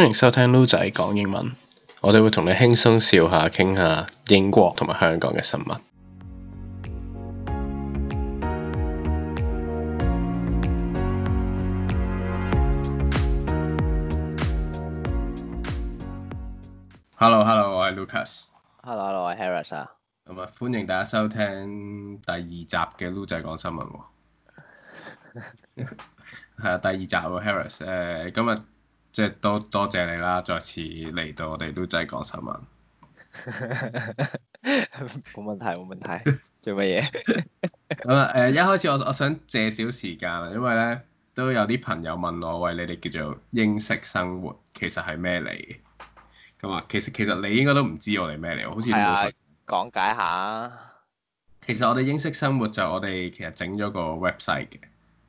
歡迎收聽盧仔講英文，我哋會同你輕鬆笑下、傾下英國同埋香港嘅新聞。Hello，Hello，hello，我係 Lucas。Hello，Hello，hello，我係 Harris 啊。咁啊，歡迎大家收聽第二集嘅 l 盧仔講新聞。係啊，第二集啊，Harris，呃。誒，今日。即係多多謝你啦！再次嚟到我哋都真係講新聞，冇問題冇問題。問題 做乜嘢？咁啊誒，一開始我我想借少時間，因為咧都有啲朋友問我，喂，你哋叫做英式生活，其實係咩嚟嘅？咁啊，其實其實你應該都唔知我哋咩嚟，好似冇、啊、講解下。其實我哋英式生活就我哋其實整咗個 website 嘅。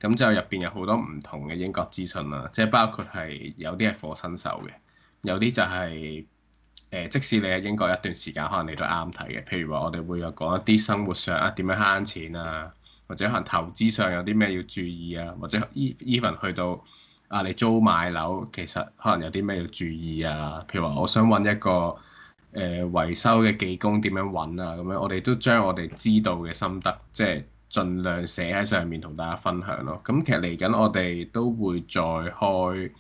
咁就入邊有好多唔同嘅英國資訊啦，即係包括係有啲係火新手嘅，有啲就係誒，即使你喺英國一段時間，可能你都啱睇嘅。譬如話，我哋會有講一啲生活上啊，點樣慳錢啊，或者可能投資上有啲咩要注意啊，或者 even 去到啊，你租買樓其實可能有啲咩要注意啊。譬如話，我想揾一個誒維修嘅技工點樣揾啊，咁樣我哋都將我哋知道嘅心得，即係。盡量寫喺上面同大家分享咯。咁其實嚟緊我哋都會再開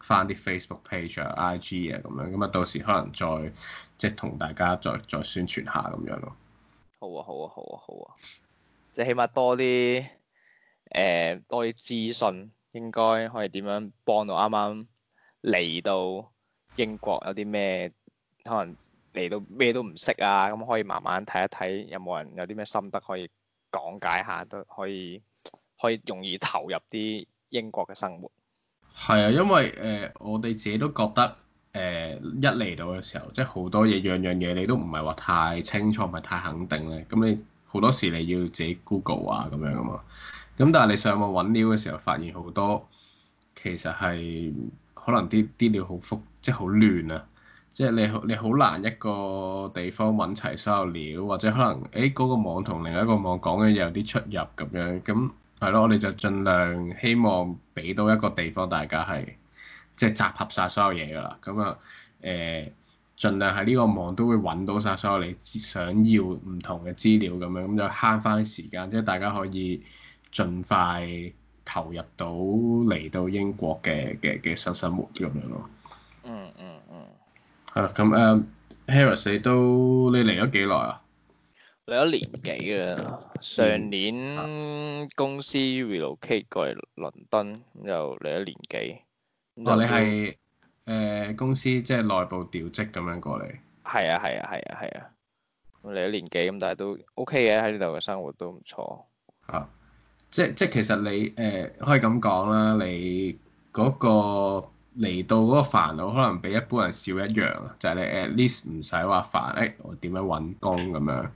翻啲 Facebook page 啊、IG 啊咁樣。咁啊到時可能再即係同大家再再宣傳下咁樣咯、啊。好啊好啊好啊好啊！即係、啊、起碼多啲誒、呃、多啲資訊，應該可以點樣幫到啱啱嚟到英國有啲咩可能嚟到咩都唔識啊？咁可以慢慢睇一睇有冇人有啲咩心得可以。講解下都可以，可以容易投入啲英國嘅生活。係啊，因為誒、呃，我哋自己都覺得誒、呃，一嚟到嘅時候，即係好多嘢，樣樣嘢你都唔係話太清楚，唔係太肯定咧。咁你好多時你要自己 Google 啊，咁樣啊嘛。咁但係你上網揾料嘅時候，發現好多其實係可能啲啲料好複，即係好亂啊。即係你好，你好難一個地方揾齊所有料，或者可能，誒嗰個網同另一個網講嘅有啲出入咁樣，咁係咯，我哋就盡量希望俾到一個地方大家係，即係集合晒所有嘢㗎啦，咁啊誒，盡量喺呢個網都會揾到晒所有你想要唔同嘅資料咁樣，咁就慳翻啲時間，即係大家可以盡快投入到嚟到英國嘅嘅嘅新生活咁樣咯。嗯嗯。係咁誒、啊、Harris 你都你嚟咗幾耐啊？嚟咗年幾啦，上年公司 relocate 過嚟倫敦，又嚟咗年幾、啊。你係誒、呃、公司即係、就是、內部調職咁樣過嚟。係啊，係啊，係啊，係啊，嚟咗、啊啊、年幾咁，但係都 OK 嘅，喺呢度嘅生活都唔錯。啊，即即其實你誒、呃、可以咁講啦，你嗰、那個。嚟到嗰個煩惱可能比一般人少一樣，就係、是、你 at least 唔使話煩惱，誒、哎、我點樣揾工咁樣。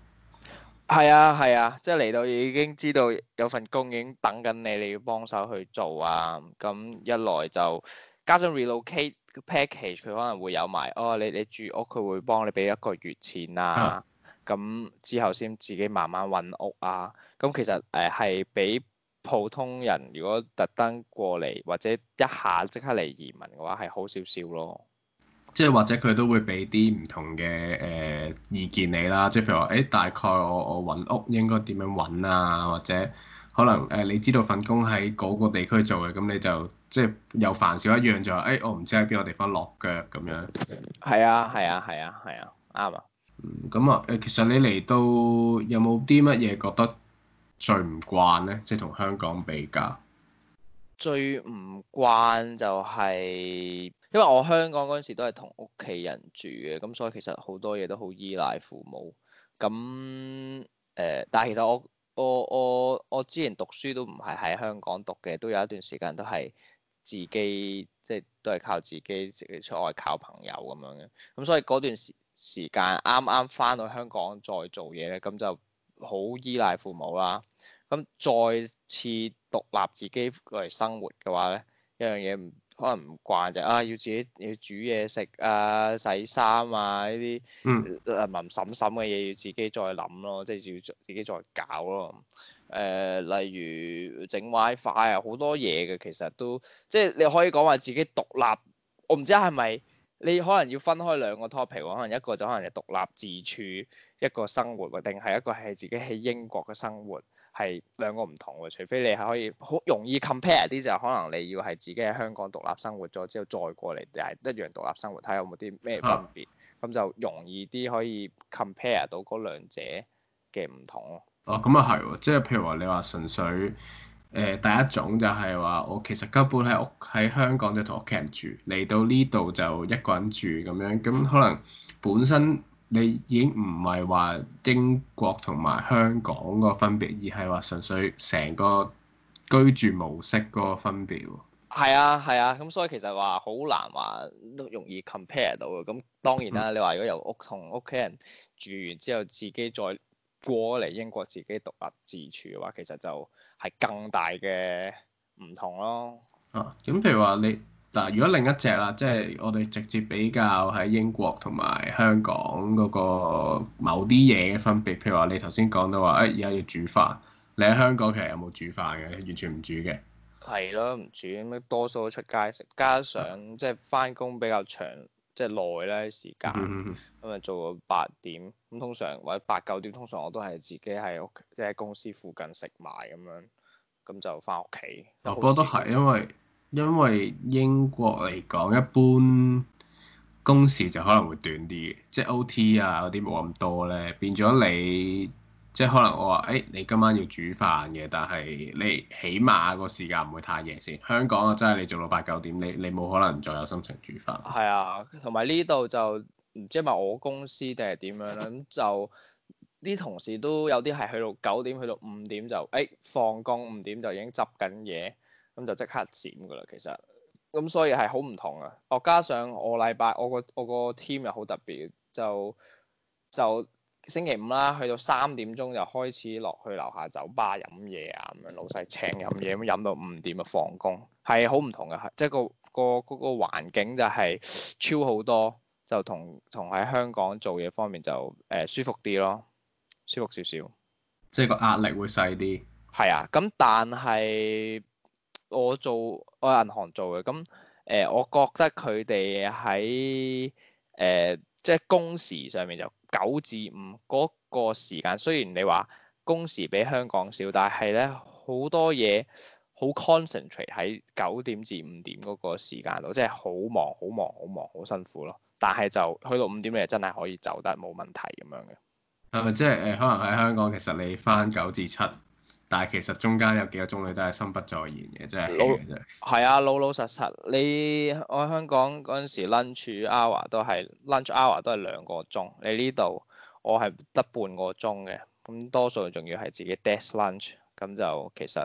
係啊係啊，即係嚟到已經知道有份工已經等緊你，你要幫手去做啊。咁一來就加上 relocate package，佢可能會有埋，哦，你你住屋佢會幫你俾一個月錢啊。咁、啊、之後先自己慢慢揾屋啊。咁其實誒係俾。普通人如果特登過嚟或者一下即刻嚟移民嘅話，係好少少咯。即係或者佢都會俾啲唔同嘅誒意見你啦，即係譬如話，誒、欸、大概我我揾屋應該點樣揾啊？或者可能誒你知道份工喺嗰個地區做嘅，咁你就即係、就是、又煩少一樣就話，誒、欸、我唔知喺邊個地方落腳咁樣。係啊，係啊，係啊，係啊，啱啊。嗯，咁啊誒，其實你嚟到有冇啲乜嘢覺得？最唔慣呢，即係同香港比較。最唔慣就係，因為我香港嗰陣時都係同屋企人住嘅，咁所以其實好多嘢都好依賴父母。咁誒，但係其實我我我我之前讀書都唔係喺香港讀嘅，都有一段時間都係自己即係都係靠自己，自己出外靠朋友咁樣嘅。咁所以嗰段時時間啱啱翻到香港再做嘢呢，咁就。好依賴父母啦，咁再次獨立自己過嚟生活嘅話咧，一樣嘢唔可能唔慣就係、啊，要自己要煮嘢食啊、洗衫啊呢啲，嗯，麻麻煩煩嘅嘢要自己再諗咯，即係要自己再搞咯。誒、呃，例如整 WiFi 啊，好多嘢嘅其實都，即係你可以講話自己獨立。我唔知係咪？你可能要分開兩個 topic 可能一個就可能係獨立自處，一個生活喎，定係一個係自己喺英國嘅生活，係兩個唔同喎。除非你係可以好容易 compare 啲就係，可能你要係自己喺香港獨立生活咗之後再過嚟，又一樣獨立生活，睇下有冇啲咩分別，咁、啊、就容易啲可以 compare 到嗰兩者嘅唔同咯、啊。哦，咁啊係喎，即係譬如話你話純粹。誒，第一種就係話我其實根本喺屋喺香港就同屋企人住，嚟到呢度就一個人住咁樣，咁可能本身你已經唔係話英國同埋香港個分別，而係話純粹成個居住模式個分別喎。係啊係啊，咁、啊、所以其實話好難話容易 compare 到嘅，咁當然啦、啊，你話如果由屋同屋企人住完之後，自己再。過嚟英國自己獨立自處嘅話，其實就係更大嘅唔同咯。啊，咁譬如話你嗱，如果另一隻啦，即係我哋直接比較喺英國同埋香港嗰個某啲嘢嘅分別。譬如話你頭先講到話，誒而家要煮飯，你喺香港其實有冇煮飯嘅？完全唔煮嘅。係咯，唔煮咁多數都出街食，加上即係返工比較長。即係耐咧時間，咁啊、嗯、做到八點，咁通常或者八九點，通常我都係自己喺屋企，即係喺公司附近食埋咁樣，咁就翻屋企。不過我覺得都係因為因為英國嚟講，一般工時就可能會短啲，即係 OT 啊嗰啲冇咁多咧，變咗你。即係可能我話，誒、欸、你今晚要煮飯嘅，但係你起碼個時間唔會太夜先。香港真係你做到八九點，你你冇可能再有心情煮飯。係啊，同埋呢度就唔知係咪我公司定係點樣啦，咁就啲同事都有啲係去到九點，去到五點就誒放工，五點就已經執緊嘢，咁就即刻剪㗎啦。其實咁所以係好唔同啊。我、哦、加上我禮拜，我個我個 team 又好特別，就就。星期五啦，去到三點鐘就開始落去樓下酒吧飲嘢啊，咁樣老細請飲嘢，咁飲到五點啊放工，係好唔同嘅，即係個個嗰個環境就係超好多，就同同喺香港做嘢方面就誒舒服啲咯，舒服少少，即係個壓力會細啲。係啊，咁但係我做我喺銀行做嘅，咁誒我覺得佢哋喺誒。呃即係工時上面就九至五嗰個時間，雖然你話工時比香港少，但係咧好多嘢好 concentrate 喺九點至五點嗰個時間度，即係好忙、好忙、好忙、好辛苦咯。但係就去到五點你真係可以走得冇問題咁樣嘅。係咪即係誒？可能喺香港其實你返九至七。但係其實中間有幾個鐘你都係心不在焉嘅，真係係啊，老老實實。你我喺香港嗰陣時 lunch hour 都係 lunch hour 都係兩個鐘，你呢度我係得半個鐘嘅，咁多數仲要係自己 desk lunch，咁就其實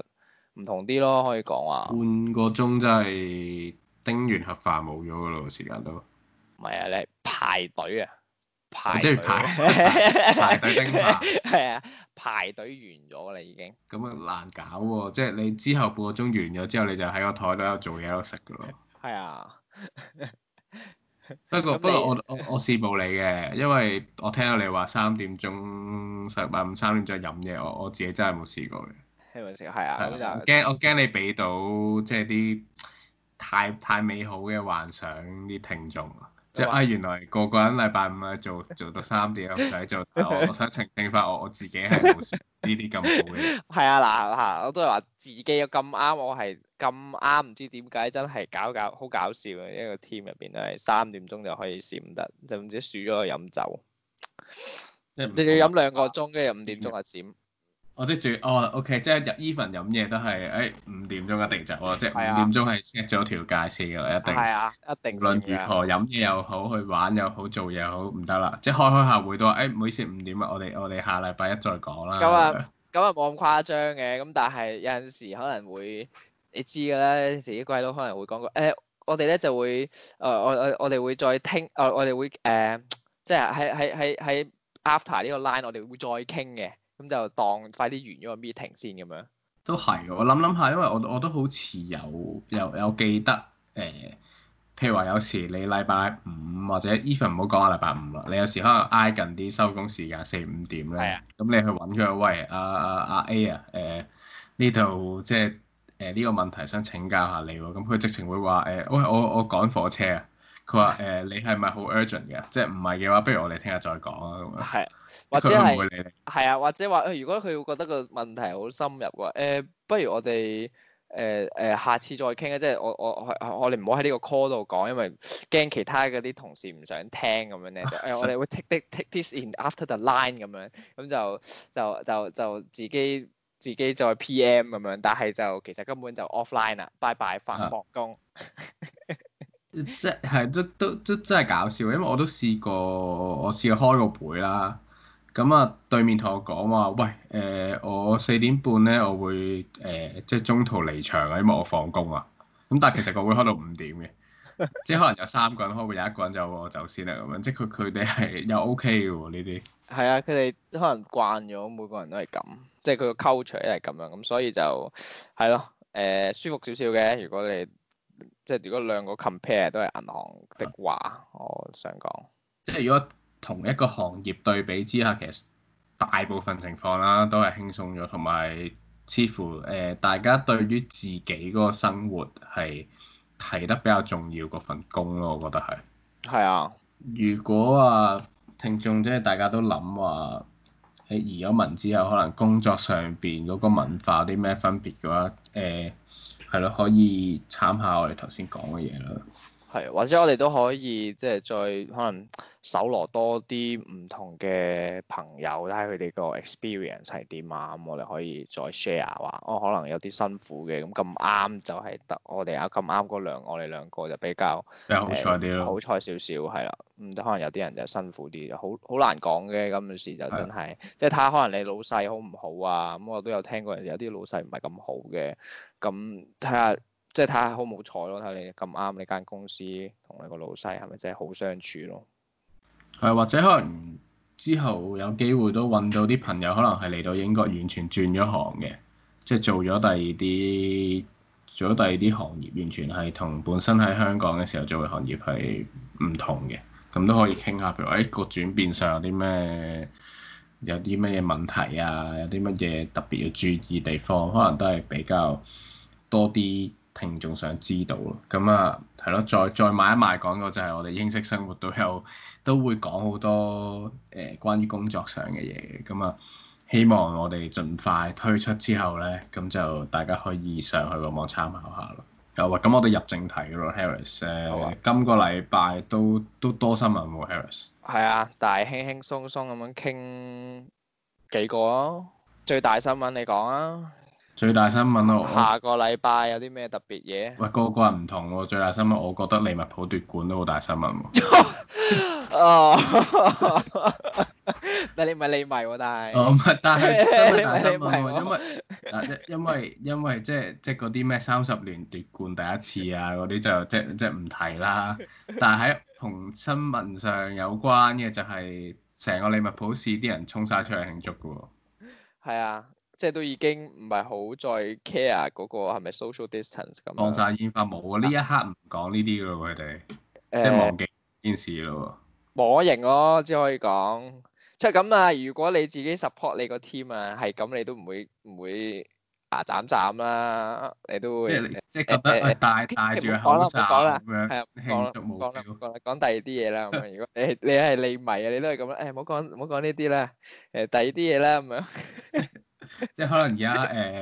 唔同啲咯，可以講話。半個鐘真係叮完盒飯冇咗㗎咯，時間都。唔係啊，你係排隊啊。排即係排排隊拎牌，係 啊，排隊完咗啦已經。咁啊難搞喎！即係你之後半個鐘完咗之後，你就喺個台度喺度做嘢喺度食噶咯。係 是啊 不。不過不過，我我我試冇你嘅，因為我聽到你話三點鐘十晚五三點再飲嘢，我我自己真係冇試過嘅。聽聞食係啊，驚、啊、這樣 我驚你俾到即係啲太太美好嘅幻想啲聽眾。即係啊！原來個個人禮拜五啊做做到三點又唔使做，我想澄清翻我我自己係冇呢啲咁好嘅。係 啊，嗱、啊、嚇，我都係話自己咁啱，我係咁啱，唔知點解真係搞搞好搞笑嘅，一個 team 入邊都係三點鐘就可以閃得，就唔知輸咗去飲酒，你要飲兩個鐘，跟住五點鐘又閃。我即住哦，OK，即係日 even 飲嘢都係，誒五點鐘一定走咯，即係五點鐘係 set 咗條界線嘅啦，一定。係啊，一定。無論如何飲嘢又好，去玩又好，做嘢又好，唔得啦，即係開開下會都話，誒唔好意思，五點啊，我哋我哋下禮拜一再講啦。咁啊，咁啊冇咁誇張嘅，咁但係有陣時可能會你知嘅啦，自己鬼佬可能會講過，誒我哋咧就會，誒我我我哋會再聽，誒我哋會誒，即係喺喺喺喺 after 呢個 line 我哋會再傾嘅。咁就當快啲完咗個 meeting 先咁樣。都係，我諗諗下，因為我我都好似有有有記得誒、呃，譬如話有時你禮拜五或者 even 唔好講下禮拜五啦，你有時可能挨近啲收工時間四五點咧，咁的你去揾佢，喂，阿阿阿 A 啊，誒呢度即係誒呢個問題想請教下你，咁、嗯、佢直情會話誒、呃、喂我我，我趕火車啊。佢話誒，你係咪好 urgent 嘅？即係唔係嘅話，不如我哋聽日再講啊咁樣。係，或者係係啊，或者話、啊，如果佢會覺得個問題好深入嘅話、欸、不如我哋誒誒下次再傾啊。即、就、係、係、我我我哋唔好喺呢個 call 度講，因為驚其他嗰啲同事唔想聽咁樣咧。誒、 哎，我哋會 take take this in after the line 咁樣，咁就就就就自己自己再 PM 咁樣。但係就其實根本就 offline 啦，拜拜，放放工。 即係都都都，都真係搞笑，因為我都試過，我試過開個會啦。咁啊，對面同我講話，喂，誒、呃，我四點半咧，我會誒、呃，即係中途離場啊，因為我放工啊。咁但係其實個會開到五點嘅，即係可能有三個人開會，有一個人就我先走先啦咁樣。即係佢佢哋係又 OK 嘅喎呢啲。係啊，佢哋可能慣咗每個人都係咁，即係佢個 culture 係咁樣。咁所以就係咯，誒、呃，舒服少少嘅，如果你。即係如果兩個 compare 都係銀行的話，我想講，即係如果同一個行業對比之下，其實大部分情況啦都係輕鬆咗，同埋似乎誒、呃、大家對於自己嗰個生活係睇得比較重要嗰份工咯，我覺得係。係啊，如果啊，聽眾即係大家都諗話喺移咗民之後，可能工作上邊嗰個文化有啲咩分別嘅話，誒、呃。係咯，可以參考我哋頭先講嘅嘢咯。係，或者我哋都可以即係再可能搜羅多啲唔同嘅朋友睇下佢哋個 experience 係點啊，咁、嗯、我哋可以再 share 話，哦可能有啲辛苦嘅，咁咁啱就係、是、得我哋啊咁啱嗰兩，我哋兩個就比較即係好彩啲咯，好彩少少係啦，咁、嗯嗯、可能有啲人就辛苦啲，好好難講嘅咁陣時就真係，是的 即係睇下可能你老細好唔好啊，咁、嗯、我都有聽過有啲老細唔係咁好嘅，咁睇下。看看即係睇下好唔好彩咯，睇你咁啱你間公司同你個老細係咪真係好相處咯。係，或者可能之後有機會都揾到啲朋友，可能係嚟到英國完全轉咗行嘅，即係做咗第二啲做咗第二啲行業，完全係同本身喺香港嘅時候做嘅行業係唔同嘅。咁都可以傾下，譬如話誒個、哎、轉變上有啲咩有啲咩嘢問題啊，有啲乜嘢特別要注意地方，可能都係比較多啲。聽眾想知道咯，咁啊，係咯，啊，再再賣一賣講個就係我哋英式生活都有都會講好多誒、呃、關於工作上嘅嘢，咁啊，希望我哋盡快推出之後咧，咁就大家可以上去個網參考下咯。Harris，呃、好啊，咁我哋入正題咯，Harris 我誒今個禮拜都都多新聞喎，啊，Harris。係啊，但係輕輕鬆鬆咁樣傾幾個咯，最大新聞你講啊。最大新聞咯，下個禮拜有啲咩特別嘢？喂，個個唔同喎，最大新聞我覺得利物浦奪冠都好大新聞喎。哦， 但係你唔係利迷喎，但係。哦，唔係，但係真係大新聞喎， 因為，因為因為即係即係嗰啲咩三十年奪冠第一次啊嗰啲就即即係唔提啦。但係喺同新聞上有關嘅就係成個利物浦市啲人衝晒出嚟慶祝嘅喎。係 啊。即係都已經唔係好再 care 嗰個係咪 social distance 咁。放晒煙花冇啊。呢一刻唔講呢啲噶咯，佢哋即係忘記件事咯。模型咯，只可以講。即係咁啊，如果你自己 support 你個 team 啊，係咁你都唔會唔會牙斬斬啦，你都會。即係即係覺得戴戴住口罩咁樣。講啦講啦，講第二啲嘢啦。如果你你係利迷啊，你都係咁啦。誒，唔好講唔好講呢啲啦。誒，第二啲嘢啦咁樣。即係 可能而家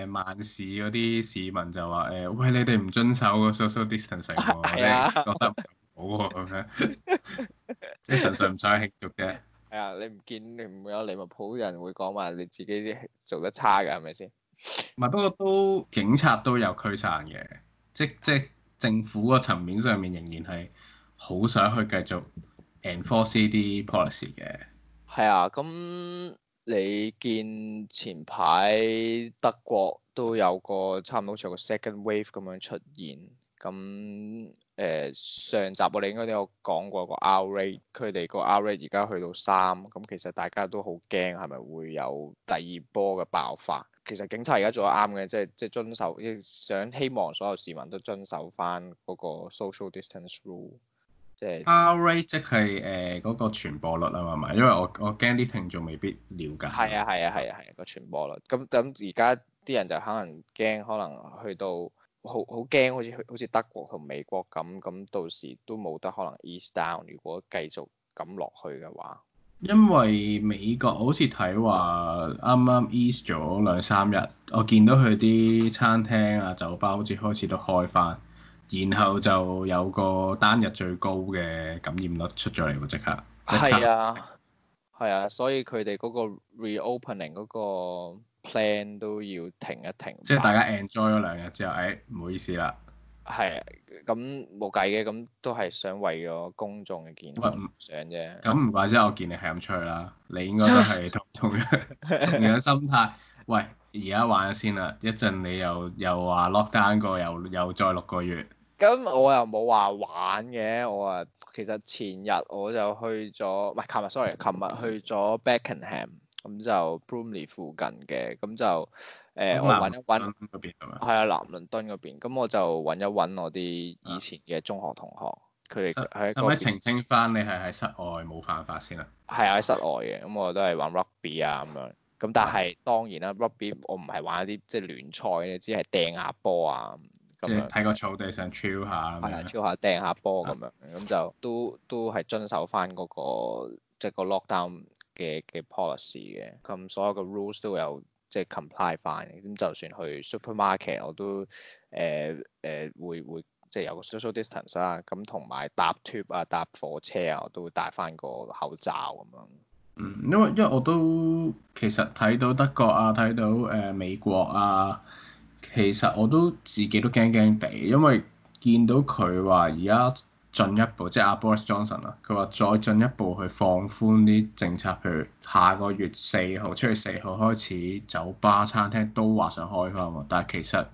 誒萬市嗰啲市民就話誒餵你哋唔遵守個 social distancing 喎，是啊、我覺得唔好喎咁樣，即 係純粹唔想慶祝嘅。係啊，你唔見你唔會有利物浦人會講話你自己啲做得差㗎係咪先？唔係不，不，不過都警察都有驅散嘅，即即係政府個層面上面仍然係好想去繼續 enforce 啲 policy 嘅。係啊，咁。你見前排德國都有個差唔多好似個 second wave 咁樣出現，咁誒、呃、上集我哋應該都有講過個 R rate，佢哋個 R rate 而家去到三，咁其實大家都好驚係咪會有第二波嘅爆發？其實警察而家做得啱嘅，即係即係遵守，即係、想希望所有市民都遵守翻嗰個 social distance rule。R rate 即係誒嗰個傳播率啊嘛，因為我我驚啲聽眾未必了解。係啊係啊係啊係啊個傳播率。咁咁而家啲人就可能驚，可能去到好好驚，好似去，好似德國同美國咁，咁到時都冇得可能 ease down。如果繼續咁落去嘅話，因為美國我好似睇話啱啱 ease 咗兩三日，我見到佢啲餐廳啊、酒吧好似開始都開翻。然後就有個單日最高嘅感染率出咗嚟喎，即刻。係啊，係刻啊，所以佢哋嗰個 reopening 嗰個 plan 都要停一停。即係大家 enjoy 咗兩日之後，誒、哎、唔好意思啦。係、啊，咁冇計嘅，咁都係想為咗公眾嘅健康。唔想啫。咁唔怪之我見你係咁吹啦，你應該都係同同樣 同樣心態。喂。而家玩先啦，一陣你又又話 lock down 過，又又再六個月。咁我又冇話玩嘅，我啊其實前日我就去咗，唔係琴日，sorry，琴日去咗 Beckenham 咁就 Bromley 附近嘅，咁就誒那麼 我揾一揾嗰邊係嘛？係啊，南倫敦嗰邊，咁我就揾一揾我啲以前嘅中學同學，佢哋喺。可唔可以澄清翻你係喺室外冇犯法先啊？係啊，喺室外嘅，咁我都係玩 rugby 啊咁樣。咁但係當然啦 rugby 我唔係玩一啲即聯賽，只係掟下波啊。咁係喺個草地上 chill 下。係啊 chill 下掟下波咁樣，咁、啊嗯、就都都係遵守翻嗰、那個即、就是、個 lockdown 嘅嘅 policy 嘅，咁所有嘅 rules 都有即 comply 翻。咁、就是、就算去 supermarket 我都誒誒、呃呃、會會即、就是、有個 social distance 啦、啊。咁同埋搭 tube 啊搭火車啊，我都會戴翻個口罩咁樣。嗯，因為因為我都其實睇到德國啊，睇到誒美國啊，其實我都自己都驚驚地，因為見到佢話而家進一步，即係阿 Boris Johnson 啊，佢話再進一步去放寬啲政策，譬如下個月四號，七月四號開始，酒吧、餐廳都話想開翻喎，但係其實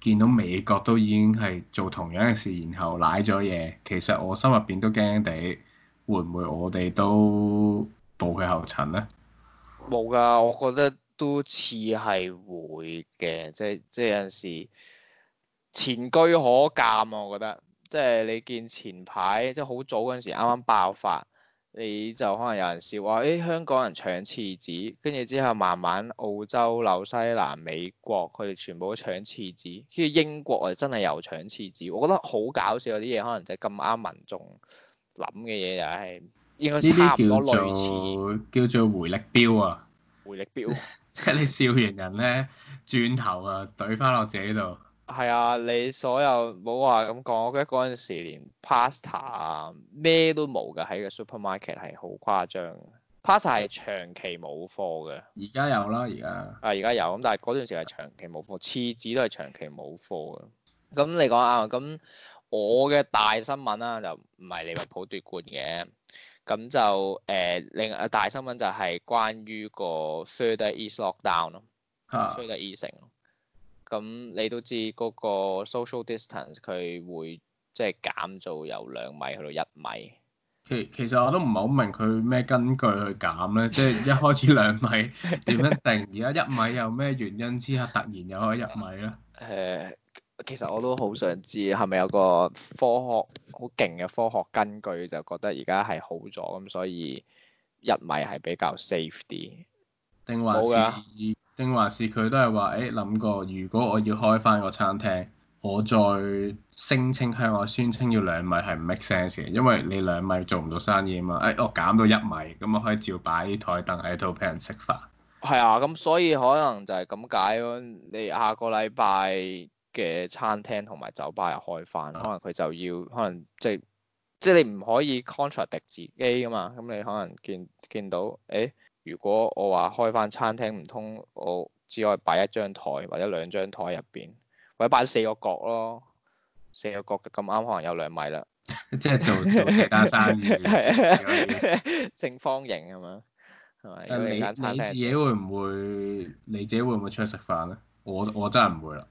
見到美國都已經係做同樣嘅事，然後瀨咗嘢，其實我心入邊都驚驚地，會唔會我哋都？步佢後塵咧？冇㗎，我覺得都似係會嘅，即係即係有陣時前車可鑑啊！我覺得即係你見前排即係好早嗰陣時啱啱爆發，你就可能有人笑話，誒、哎、香港人搶廁紙，跟住之後慢慢澳洲、紐西蘭、美國，佢哋全部都搶廁紙，跟住英國誒真係又搶廁紙。我覺得好搞笑，有啲嘢，可能就係咁啱民眾諗嘅嘢又係。應該差唔多類似。呢啲叫做叫做回力鏢啊！回力鏢，即係 你笑完人咧，轉頭啊懟翻落自己度。係啊，你所有冇話咁講，我記得嗰陣時連 pasta 咩都冇嘅，喺個 supermarket 係好誇張。pasta 係長期冇貨嘅，而家有啦，而家啊，而家有咁，但係嗰陣時係長期冇貨，廁紙都係長期冇貨嘅。咁你講啊，咁我嘅大新聞啦，就唔係利物浦奪冠嘅。 咁就誒，另、呃、啊大新聞就係關於個 further east lockdown 咯 further east 咯，嗯，咁你都知嗰個 social distance 佢會即係減做由兩米去到一米。其實其實我都唔係好明佢咩根據去減咧，即、就、係、是、一開始兩米點樣 定，而家一米又咩原因之下突然又可以一米咧？誒、呃。其實我都好想知係咪有個科學好勁嘅科學根據，就覺得而家係好咗咁，所以一米係比較 safe 啲。定還是定還是佢都係話，誒諗、欸、過，如果我要開返個餐廳，我再聲稱向我宣稱要兩米係唔 make sense 嘅，因為你兩米做唔到生意啊嘛。誒、欸，我減到一米，咁我可以照擺台凳喺度俾人食飯。係啊，咁所以可能就係咁解咯。你下個禮拜嘅餐廳同埋酒吧又開返、啊，可能佢就要可能即即你唔可以 contradict 自己㗎嘛，咁你可能見見到，誒、欸，如果我話開返餐廳唔通我只可以擺一張台或者兩張台入邊，或者擺四個角咯，四個角咁啱可能有兩米啦，即係 做做其他生意，正 的 方形咁樣係咪？誒，你間餐廳、就係、你自己會唔會？你自己會唔會出去食飯咧？我我，我真係唔會啦。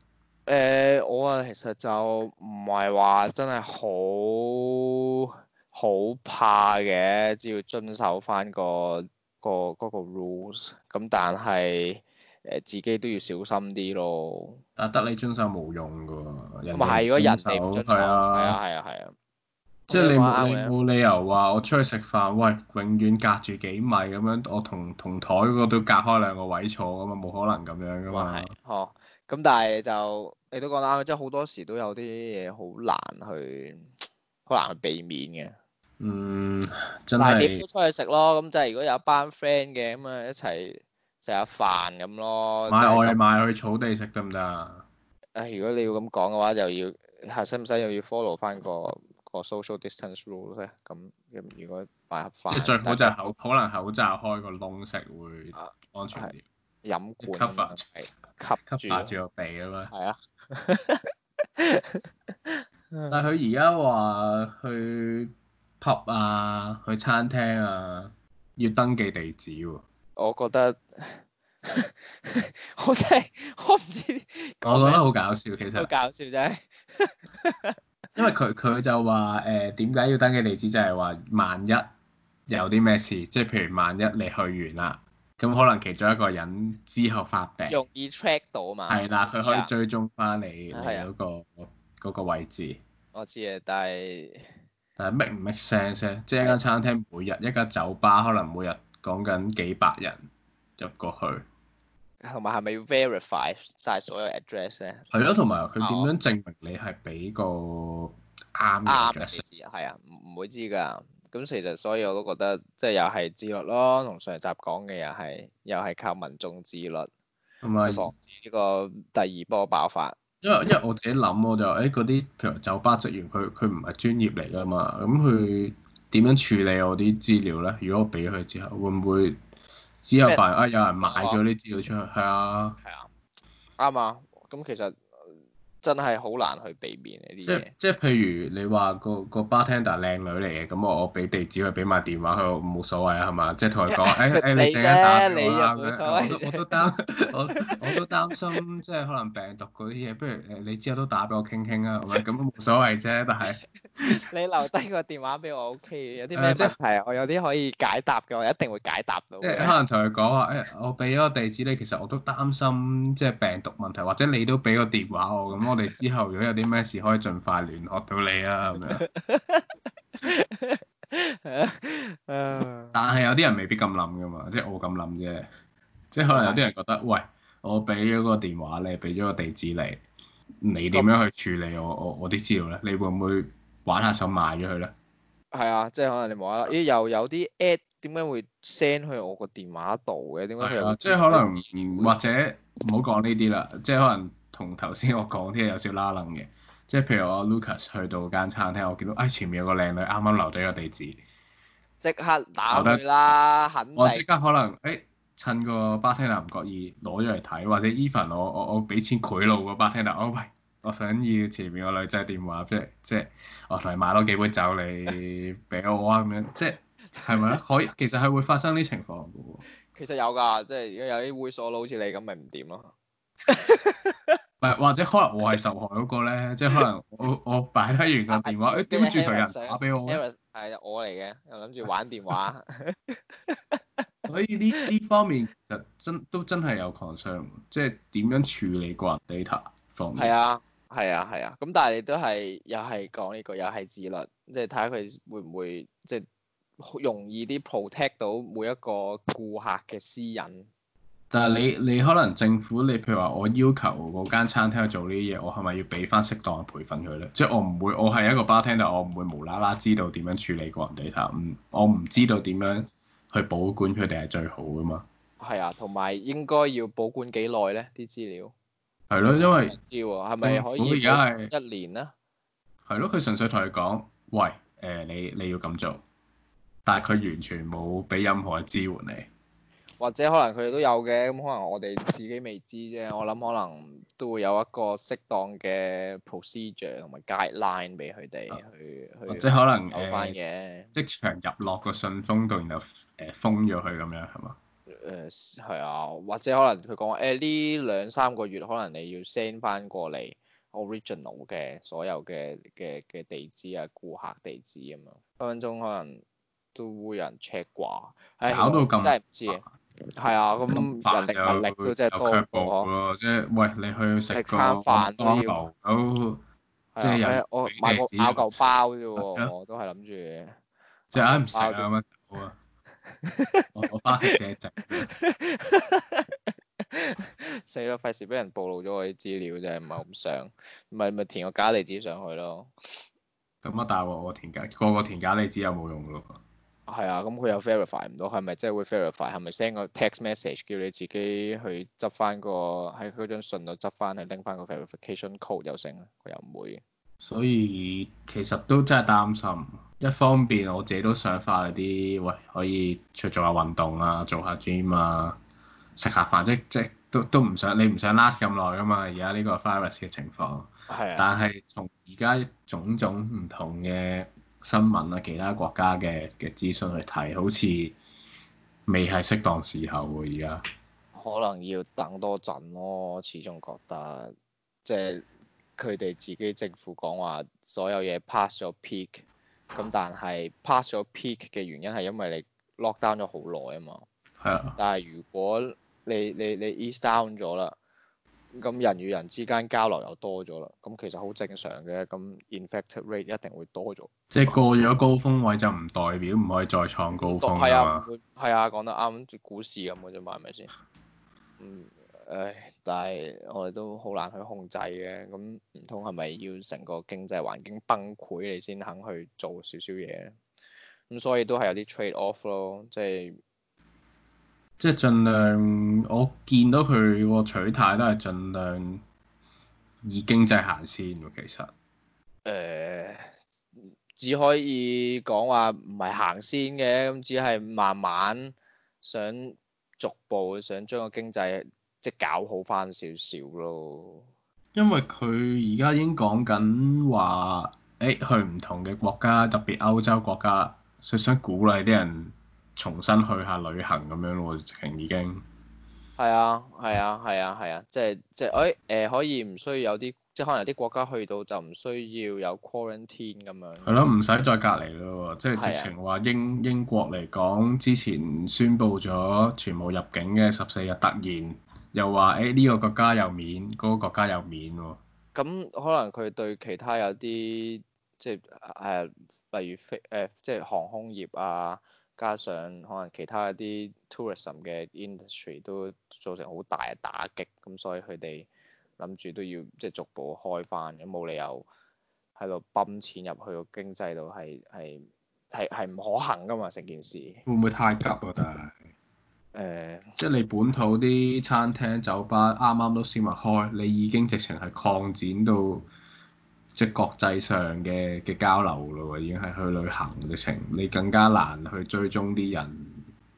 誒、呃，我啊其實就唔係話真係好好怕嘅，只要遵守翻、個、個、嗰個 rules，咁但係誒自己都要小心啲咯。但得你遵守冇用噶，人哋遵守係啊係啊係啊，啊啊啊啊即係你冇你冇理由話我出去食飯，喂，永遠隔住幾米咁樣，我同同枱嗰個都隔開兩個位坐咁啊，冇可能咁樣噶嘛。係哦。咁但係就你都講得啱，即係好多時都有啲嘢好難去，好難去避免嘅。嗯，真係。點都出去食咯，咁即係如果有一班 friend 嘅咁啊，一齊食下飯咁咯。買外賣、就係、去草地食得唔得啊？誒，如果你要咁講嘅話，又要係又要使唔使又要 follow 翻、嗰個、嗰個 social distance rule 咧？咁如果買盒飯，即係最好就係口，口可能口罩開個窿食會安全啲。啊。飲管啊，吸吸住個鼻啊嘛，係啊。但係佢而家話去 pub 啊，去餐廳啊，要登記地址喎，啊。我覺得， 我真係我唔知。 我覺得好搞笑，其實。好搞笑真係。因為佢佢就話誒點解要登記地址，就係、是、話萬一有啲咩事，即係譬如萬一你去完啦。咁可能其中一個人之後發病，容易 track 到嘛？係啦的，佢可以追蹤翻你你、那、嗰、個、的個位置。我知啊，但係但係是 make 唔 make sense 咧、嗯？即係一間餐廳每日，嗯、一間酒吧可能每日講緊幾百人入過去，同埋係咪要 verify 晒所有 address 咧？係咯的，同埋佢點樣證明你係俾個啱嘅地址？係啊，唔唔會知㗎。咁其實，所以我都覺得，即係又係自律咯，同上集講嘅又係，又係靠民眾自律，同埋吧防止呢個第二波爆發。因為因為我自己諗，我就誒嗰啲，譬如酒吧職員，佢佢唔係專業嚟噶嘛，咁佢點樣處理我啲資料咧？如果我俾佢之後，會唔會之後發現啊麼、哎、有人買咗啲資料出去？係啊，係啊，啱啊，咁其實。真係好難去避免呢啲嘢。即即係譬如你話個個 bartender 靚女嚟嘅，咁我我俾地址佢，俾埋電話佢，冇所謂啊，係嘛？即係同佢講，誒誒，你陣間打電話啦。我都我都擔，我我都擔心即係可能病毒嗰啲嘢。不如誒，你之後都打俾我傾傾啊，係咪？咁都冇所謂啫，但係你留低個電話俾我，OK。有啲咩問題啊？即係，我有啲可以解答嘅，我一定會解答到。即係可能同佢講話，誒，我俾咗個地址你，其實我都擔心即係病毒問題，或者你都俾個電話我咁。我哋之後如果有啲咩事，可以盡快聯絡到你啊咁樣。是是 但係有啲人未必咁諗噶嘛，即係我咁諗啫。即係可能有啲人覺得，喂，我俾咗個電話你，俾咗個地址你，你點樣去處理我我我啲資料咧？你會唔會玩下手賣咗佢咧？係啊，即係可能你無啦咦又有啲 at 點解會 send 去我個電話度嘅？點解？係啊，即係可能或者唔好講呢啲啦，即係可能。同頭先我講啲嘢有少拉楞嘅，即係譬如我 Lucas 去到間餐廳，我見到哎前面有個靚女，啱啱留低個地址，即刻打佢啦，我得肯定我即刻可能，哎趁個 bartender 唔覺意攞咗嚟睇，或者 Even 我我我俾錢賄賂個 bartender，我，喂，我想要前面個女仔電話，即係即係我同你買多幾杯酒你俾我啊咁 樣，即係係咪咧？可以其實係會發生啲情況嘅喎。其實有㗎，即係如果有啲會所佬好似你咁，咪唔掂咯。或者可能我係受害嗰個咧，即係可能我我擺低完個電話，誒點解佢人打俾我咧？係我嚟嘅，又諗住玩電話。所以呢呢方面其實真都真係有 concern，即係點樣處理個人 data 方面？係啊，係啊，係啊。咁但係你都係又係講呢個，又係自律，即係睇下佢會唔會即好容易啲 protect 到每一個顧客嘅私隱。但係你你可能政府你譬如話我要求嗰間餐廳去做呢啲嘢，我係咪要俾翻適當嘅培訓佢咧？即係我唔會我係一個吧廳，但我唔會無啦啦知道點樣處理個人資料。嗯，我唔知道點樣去保管佢哋係最好噶嘛。係啊，同埋應該要保管幾耐咧？啲資料係咯，因為政府而家係一年啦。係咯，佢純粹同你講，喂，誒、呃、你你要咁做，但係佢完全冇俾任何嘅支援你。或者可能佢哋都有嘅，咁可能我哋自己未知啫。我諗可能都會有一個適當嘅 procedure 同埋 guideline 俾佢哋去去。即係、啊、去可能嘅職場入落個信封度，然後誒封咗佢咁樣，係嘛？誒係、呃、啊，或者可能佢講誒呢兩三個月，可能你要 send 翻過嚟 original 嘅所有嘅嘅嘅地址啊，顧客地址咁樣。分分鐘可能都會有人 check 啩、哎。誒真係唔知。係啊，咁人有力人力嗰隻多咯，卻步啊、即係喂，你去食餐飯都要，啊、即係人我買個咬嚿包啫喎，我都係諗住，即係唔使咁樣走啊！ 我包啲嘢食，死啦！ 費事俾人暴露咗我啲資料啫，唔係咁想，咪咪填個假地址上去咯。咁啊，大鑊我填假個個填假地址又冇用咯。係啊，啊，咁佢又 verify 唔到，係咪即係會 verify？係咪 send 個 text message 叫你自己去執翻個喺佢張信度執翻去拎翻個 verification code 又成？佢又唔會。所以其實都真係擔心，一方面我自己都想快啲，喂，可以出去做下運動啊，做下 gym 啊，食下飯，即即都都唔想你唔想 last 咁耐㗎嘛？而家呢個 virus 嘅情況。係啊。但係從而家種種唔同嘅。新聞啊，其他國家嘅嘅資訊去睇，好似未係適當時候喎，而家可能要等多陣咯，始終覺得即係佢哋自己政府講話，所有嘢 pass 咗 peak，咁但係 pass 咗 peak 嘅原因係因為你 lock down 咗好耐啊嘛，係啊，但係如果你你你，你 east down 咗啦。咁人與人之間交流又多咗啦，咁其實好正常嘅，咁 infected rate 一定會多咗。即係過咗高峰位就唔代表唔可以再創高峰。噶嘛、嗯。係啊，講、啊、得啱，股市咁嘅啫嘛，係咪先？嗯，唉，但係我哋都好難去控制嘅，咁唔通係咪要成個經濟環境崩潰你先肯去做少少嘢？咁所以都係有啲 trade off 咯，即係。即係盡量，我見到佢個取態都係盡量以經濟行先喎。其實誒、呃，只可以講話唔係行先嘅，咁只係慢慢想逐步想將個經濟即係搞好翻少少咯。因為佢而家已經講緊話：誒、欸，去唔同嘅國家，特別歐洲國家，想想鼓勵啲人，重新去下旅行咁樣咯喎，直情已經。係啊，係啊，係啊，係啊，啊，啊，啊，即係即係誒誒，可以唔需要有啲，即係可能有啲國家去到就唔需要有 quarantine 咁樣。係咯、啊，唔使再隔離咯喎，即係直情話英、啊、英國嚟講，之前宣布咗全部入境嘅十四日，突然又話誒呢個國家有免，嗰、嗰個國家有免喎。咁可能佢對其他有啲即係誒、啊，例如飛、啊、即係航空業啊。加上可能其他一啲 tourism 嘅 industry 都造成好大嘅打擊，咁所以佢哋諗住都要即係逐步開翻，咁冇理由喺度泵錢入去個經濟度係係係係唔可行噶嘛成件事。會唔會太急啊？但係誒，呃、即係你本土啲餐廳酒吧啱啱都先密開，你已經直情係擴展到。即係國際上嘅嘅交流咯，已經係去旅行嘅程，你更加難去追蹤啲人。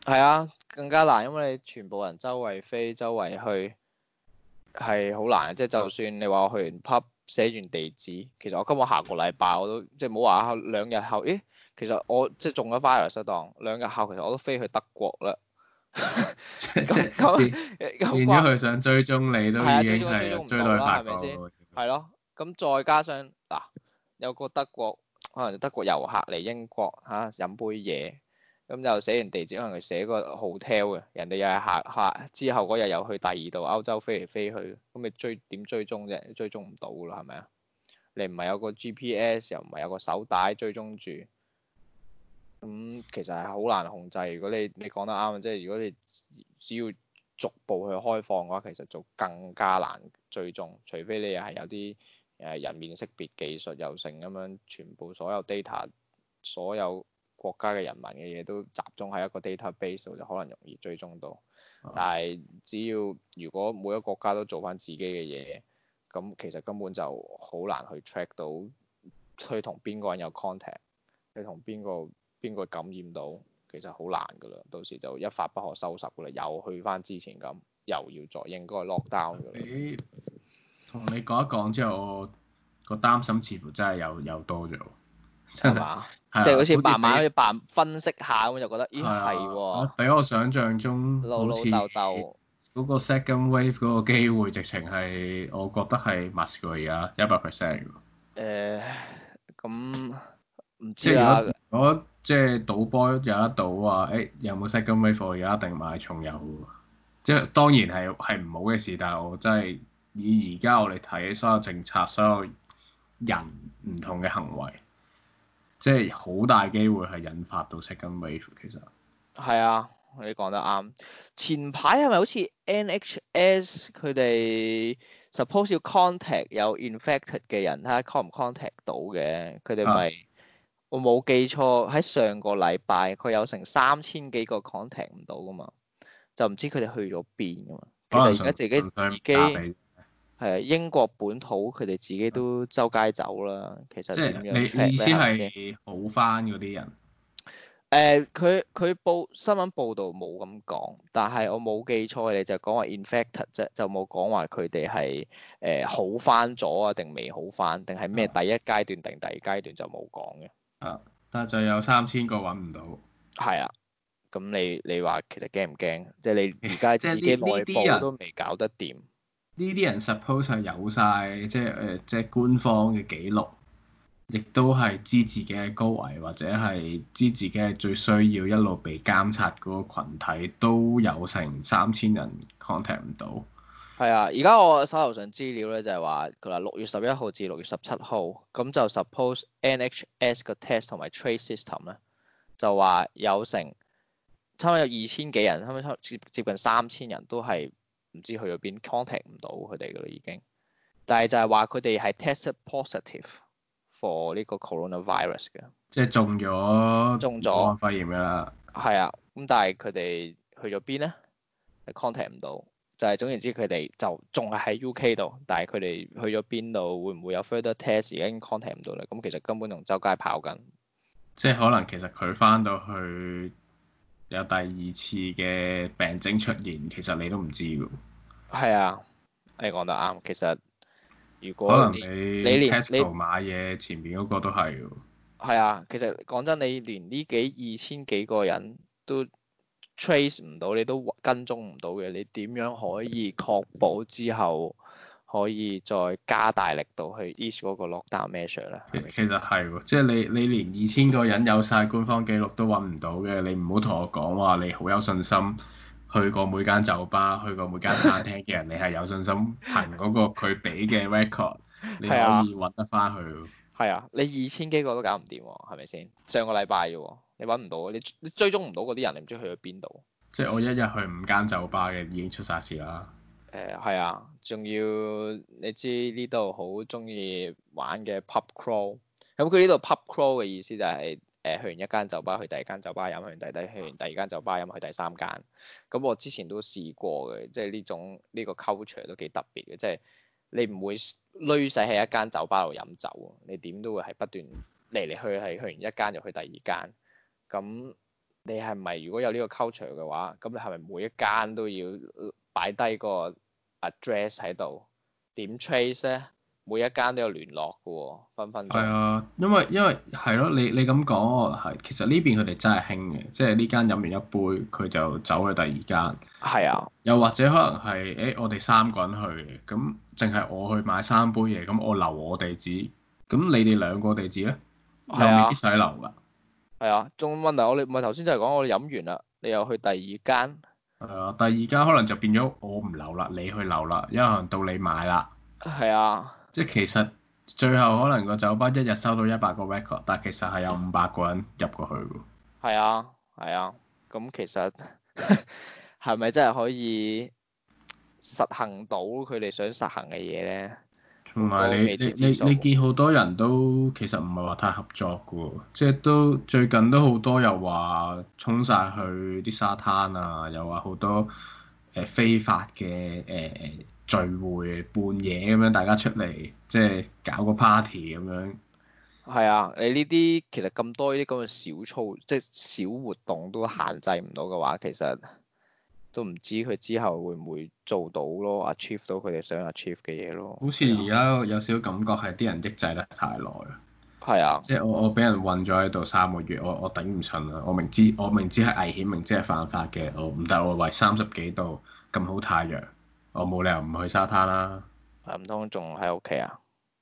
係啊，更加難，因為你全部人周圍飛，周圍去係好難。即係就算你話我去完 pub 寫完地址，其實我今日下個禮拜我都即係冇話兩日後。咦，其實我即係中咗 fire 失當，兩日後其實我都飛去德國啦。咁變咗佢想追蹤你都已經係追到係咪先？係咯。 咁再加上嗱、啊，有個德國，可能德國遊客嚟英國吓、啊、飲杯嘢，咁就寫完地址，可能佢寫個 hotel 嘅，人哋又係客客、啊、之後嗰日又去第二度歐洲飛嚟飛去，咁你追點追蹤啫？追蹤唔到㗎喇，係咪啊？你唔係有個 GPS，又唔係有個手帶追蹤住，咁其實係好難控制。如果你你講得啱，即係如果你只要逐步去開放嘅話，其實就更加難追蹤，除非你又係有啲。誒，人面識別技術又成咁樣，全部所有 data，所有國家嘅人民嘅嘢都集中喺一個 database 度，就可能容易追蹤到。啊、但係只要如果每一個國家都做翻自己嘅嘢，咁其實根本就好難去 check 到，去同邊個人有 contact，去同邊個邊個感染到，其實好難㗎啦。到時就一發不可收拾㗎啦，又去翻之前咁，又要再應該 lock down 㗎啦。啊同你講一講之後，我個擔心似乎真係又又多咗，真係吧，即係、 啊、好似白慢去扮分析下咁，就覺得咦係喎，比我想象中老老豆豆。嗰個 second wave 嗰個機會，直情係我覺得係 must 嘅而家，一百 percent 嘅誒，咁唔知啊？我即係賭波有得賭啊！誒、欸，有冇 second wave 而家？一定買重有？即係當然係係唔好嘅事，但係我真係。以而家我哋睇所有政策，所有人唔同嘅行為，即係好大機會係引發到 Second Wave。其實係啊，你講得啱。前排係咪好似 NHS 佢哋 suppose 要 contact 有 infected 嘅人，睇下 contact 唔 contact 到嘅？佢哋咪我冇記錯喺上個禮拜佢有成三千幾個 contact 唔到噶嘛，就唔知佢哋去咗邊㗎嘛？可能 其實而家自己自己。誒英國本土佢哋自己都周街走啦，其實你意思係好翻嗰啲人？誒、呃，佢佢報新聞報道冇咁講，但係我冇記錯，你就講話 infected 啫，就冇講話佢哋係誒好翻咗啊，定未好翻，定係咩第一階段定的第二階段就冇講嘅。啊！但係就有三千個揾唔到。係啊，咁你你話其實驚唔驚？即係你而家自己內部都未搞得掂。呢啲人 suppose 係有晒，即係誒，即係官方嘅記錄，亦都係知自己嘅高危或者係知自己係最需要一路被監察嗰個羣體，都有成三千人 contact 唔到。係啊，而家我手頭上資料咧就係話，佢話，六月十一號至六月十七號，咁就 suppose NHS 個 test 同埋 trace system 咧，就話有成差唔多有二千幾人，差唔多接接近三千人都係。唔知去咗邊，contact 唔到佢哋㗎啦已經。但係就係話佢哋係 tested positive for 呢個 coronavirus 嘅，即係中咗新冠肺炎㗎啦。係啊，咁但係佢哋去咗邊咧？係 contact 唔到，就係、是、總言之，佢哋就仲係喺 UK 度，但係佢哋去咗邊度，會唔會有 further test？已經 contact 唔到啦。咁其實根本同周街跑緊。即係可能其實佢翻到去。有第二次嘅病徵出現，其實你都唔知㗎喎。係啊，你講得啱。其實，如果可能你你連買嘢前面嗰個都係㗎。係啊，其實講真，你連呢幾二千幾個人都 trace 唔到，你都跟蹤唔到嘅，你點樣可以確保之後？可以再加大力度去 ease 嗰個 lockdown measure 咧。其實係喎，即係你你連二千個人有晒官方記錄都揾唔到嘅，你唔好同我講話你好有信心去過每間酒吧、去過每間餐廳嘅人， 你係有信心憑嗰個佢俾嘅 record， 你可以揾得翻去。係啊，你二千幾個都搞唔掂喎，係咪先？上個禮拜啫，你揾唔到，你你追蹤唔到嗰啲人，你唔知去咗邊度。即係我一日去五間酒吧嘅已經出曬事啦。誒係、嗯、啊，仲要你知呢度好鍾意玩嘅 pub crawl，咁佢呢度 pub crawl 嘅意思就係、是、誒去完一間酒吧，去第二間酒吧飲完，第啲去完第二間酒吧飲去第三間。咁我之前都試過嘅，即係呢種呢、這個 culture 都幾特別嘅，即、就、係、是、你唔會累死喺一間酒吧度飲酒啊，你點都會係不斷嚟嚟去去，去完一間又去第二間。咁你係咪如果有呢個 culture 嘅話，咁你係咪每一間都要擺低個？address 喺度點 trace 咧？每一間都有聯絡嘅喎、哦，分分鐘係啊，因為因為係咯、啊，你你咁講哦，其實呢邊佢哋真係興嘅，即係呢間飲完一杯佢就走去第二間，係啊，又或者可能係誒、欸、我哋三個人去，咁淨係我去買三杯嘢，咁我留我地址，咁你哋兩個地址咧又唔使留噶，係啊，重點、啊、問題我哋唔係頭先就係講我哋飲完啦，你又去第二間。係啊，但而家可能就變咗我唔留啦，你去留啦，因為到你買啦。係啊，即係其實最後可能個酒吧一日收到一百個 record，但其實係有五百個人入過去噶。係啊，係啊，咁其實係咪 真係可以實行到佢哋想實行嘅嘢咧？同埋你你你你見好多人都其實唔係話太合作㗎喎，即係都最近都好多又話衝曬去啲沙灘啊，又話好多誒非法嘅誒、呃、聚會，半夜咁樣大家出嚟即係搞個 party 咁樣。係啊，你呢啲其實咁多啲咁嘅小操，即係小活動都限制唔到嘅話，其實。都唔知佢之後會唔會做到咯，achieve 到佢哋想 achieve 嘅嘢咯。好似而家有少少感覺係啲人抑制得太耐啦。係啊。即係我我俾人困咗喺度三個月，我我頂唔順啊。我明知我明知係危險，明知係犯法嘅。我唔但我為三十幾度咁好太陽，我冇理由唔去沙灘啦。唔通仲喺屋企啊？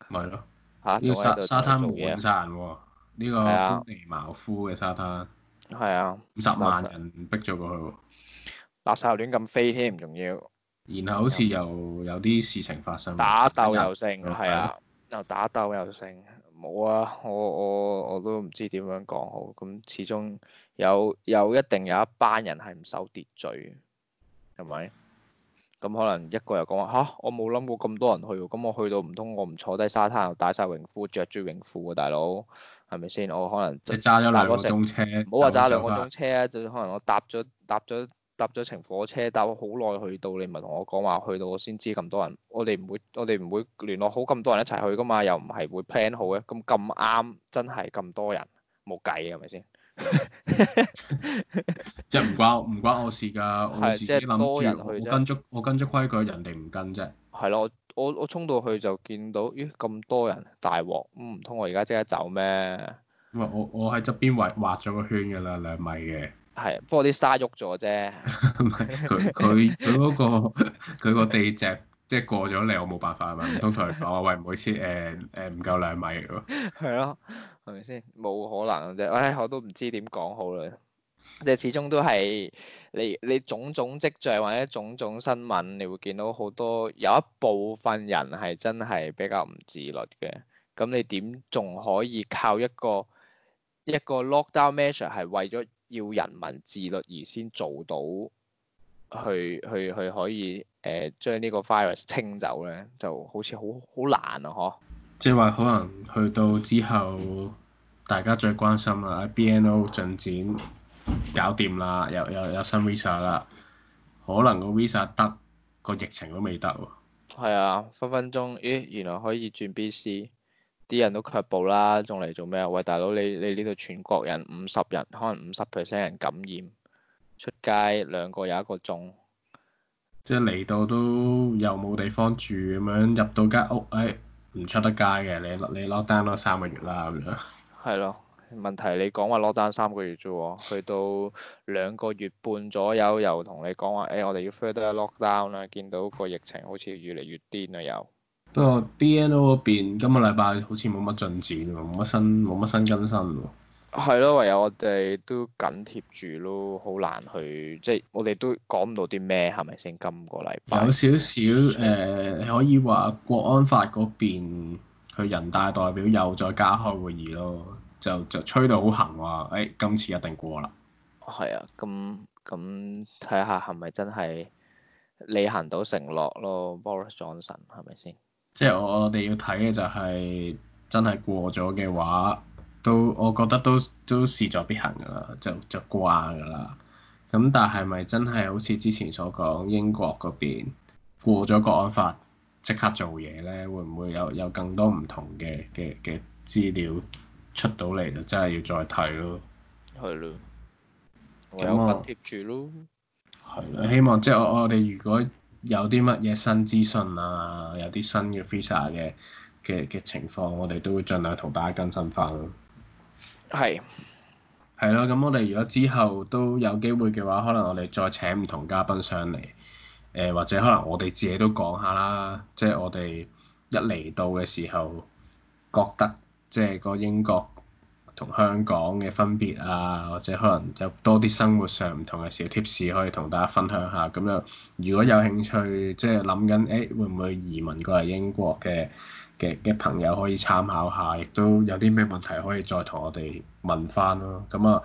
係咯。嚇！沙沙灘滿曬人喎。呢、啊、個尼毛夫嘅沙灘。係啊。五十萬人逼咗過去喎。啊垃圾又亂咁飛添，唔重要。然後好似又有啲事情發生，打鬥又成，係、嗯、啊，又打鬥又成。冇啊，我我我都唔知點樣講好。咁始終有有一定有一班人係唔守秩序，係咪？咁可能一個又講話嚇，我冇諗過咁多人去，咁我去到唔通我唔坐低沙灘，又帶晒泳褲，着住泳褲、啊、大佬，係咪先？我可能即係揸咗兩個鐘車，唔好話揸兩個鐘車啊，就可能我搭咗搭咗。搭搭咗程火車，搭咗好耐去到，你咪同我講話去到，我先知咁多人，我哋唔會，我哋唔會聯絡好咁多人一齊去噶嘛，又唔係會 plan 好嘅。咁咁啱，真係咁多人，冇計啊，係咪先？ 即係唔關唔關我事噶，我自己諗住，即係多人去，我跟足我跟足規矩，人哋唔跟啫。係咯，我我衝到去就見到，咦咁多人，大鑊，嗯唔通我而家即刻走咩？我我我喺側邊圍畫咗個圈噶啦，兩米嘅。係，不過啲沙喐咗啫。佢佢佢嗰個佢個地脊，即係過咗嚟，我冇辦法係咪？唔通同佢講話喂，唔好意思誒誒，唔夠兩米喎。係咯，係咪先？冇可能嘅啫。唉，我都唔知點講好啦。即係始終都係你你種種跡象或者種種新聞，你會見到好多有一部分人係真係比較唔自律嘅。咁你點仲可以靠一個一個 lockdown measure 係為咗？要人民自律而先做到，去去去可以誒將呢個 virus 清走咧，就好似好好難啊！嗬。即係話可能去到之後，大家最關心啦，BNO 進展搞掂啦，又又有，有新 visa 啦，可能個 visa 得個疫情都未得喎。係啊，分分鐘咦，原來可以轉 BC。啲人都卻步啦，仲嚟做咩？喂，大佬你你呢度全國人五十人，可能五十 percent 人感染，出街兩個有一個中，即係嚟到都又冇地方住咁樣，入到間屋誒唔、哎、出得街嘅，你你 lockdown 三個月啦咁樣。係咯，問題你講話 lockdown 三個月啫，去到兩個月半左右又同你講話誒、哎，我哋要 further 多個 lockdown 啦，見到個疫情好似越嚟越癲啊又。不過 BNO 嗰邊今個禮拜好似冇乜進展喎，冇乜新冇乜新更新喎。係咯，唯有我哋都緊貼住咯，好難去，即係我哋都講唔到啲咩，係咪先？今個禮拜有少少誒、呃，可以話國安法嗰邊佢人大代表又再加開會議咯，就就吹到好行話，誒、哎、今次一定過啦。係啊，咁咁睇下係咪真係你行到承諾咯，Boris Johnson 係咪先？即係我我哋要睇嘅就係真係過咗嘅話，都我覺得都都事在必行噶啦，就就掛噶啦。咁但係咪真係好似之前所講英國嗰邊過咗國安法，即刻做嘢咧？會唔會有有更多唔同嘅嘅嘅資料出到嚟？就真係要再睇咯。係咯，有貼住咯。係啦，希望即係我我哋如果。有啲乜嘢新資訊啊，有啲新嘅 visa 嘅嘅嘅情況，我哋都會盡量同大家更新翻。係。係咯，咁我哋如果之後都有機會嘅話，可能我哋再請唔同嘉賓上嚟，誒或者可能我哋自己都講下啦，即係我哋一嚟到嘅時候覺得，即係個英國。同香港嘅分別啊，或者可能有多啲生活上唔同嘅小 tips 可以同大家分享下。咁樣如果有興趣，即係諗緊誒會唔會移民過嚟英國嘅嘅嘅朋友可以參考下，亦都有啲咩問題可以再同我哋問翻咯。咁啊，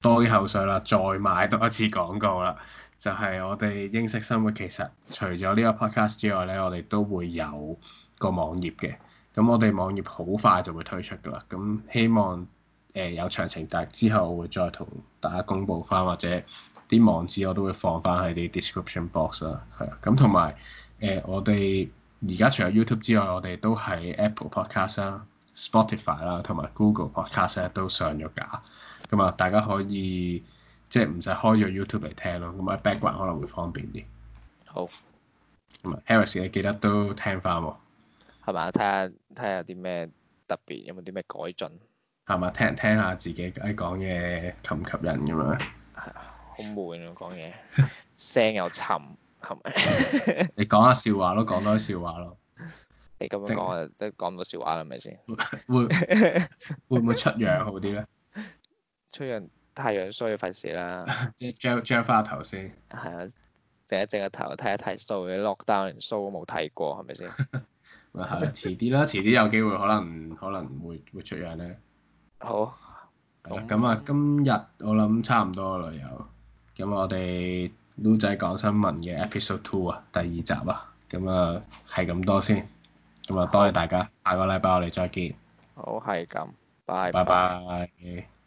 多啲口水啦，再買多一次廣告啦。就係我哋英式生活，其實除咗呢個 podcast 之外咧，我哋都會有個網頁嘅。咁我哋網頁好快就會推出㗎啦。咁希望～誒有詳情，但係之後我會再同大家公佈翻，或者啲網址我都會放翻喺啲 description box 啦。係啊，咁同埋誒我哋而家除咗 YouTube 之外，我哋都喺 Apple Podcast 啦、啊、Spotify 啦，同埋 Google Podcast 都上咗架。咁啊，大家可以即係唔使開咗 YouTube 嚟聽咯。咁啊，background 可能會方便啲。好。咁啊 Harris 你記得都聽翻喎。係嘛？睇下睇下有啲咩特別，有冇啲咩改進？係咪聽聽下自己喺講嘢吸唔吸引咁樣。係啊，好悶啊！講嘢，聲又沉，係咪？你講下笑話咯，講多笑話咯。 你咁樣講就都講到笑話啦，係咪先？會會唔會出樣好啲咧？出樣太陽衰費事啦。即係 gel gel 花頭先。係啊，整一整個頭，睇一睇數，你落單連數都冇睇過，係咪先？咪遲啲啦，遲啲有機會可能可能會會出樣咧。好，咁啊，今日我諗差唔多啦，又咁我哋 Lu 仔講新聞嘅 Episode Two 啊，第二集啊，咁啊係咁多先。咁啊、嗯，多謝大家，的下個禮拜我哋再見。好，係咁，拜拜 bye。Bye bye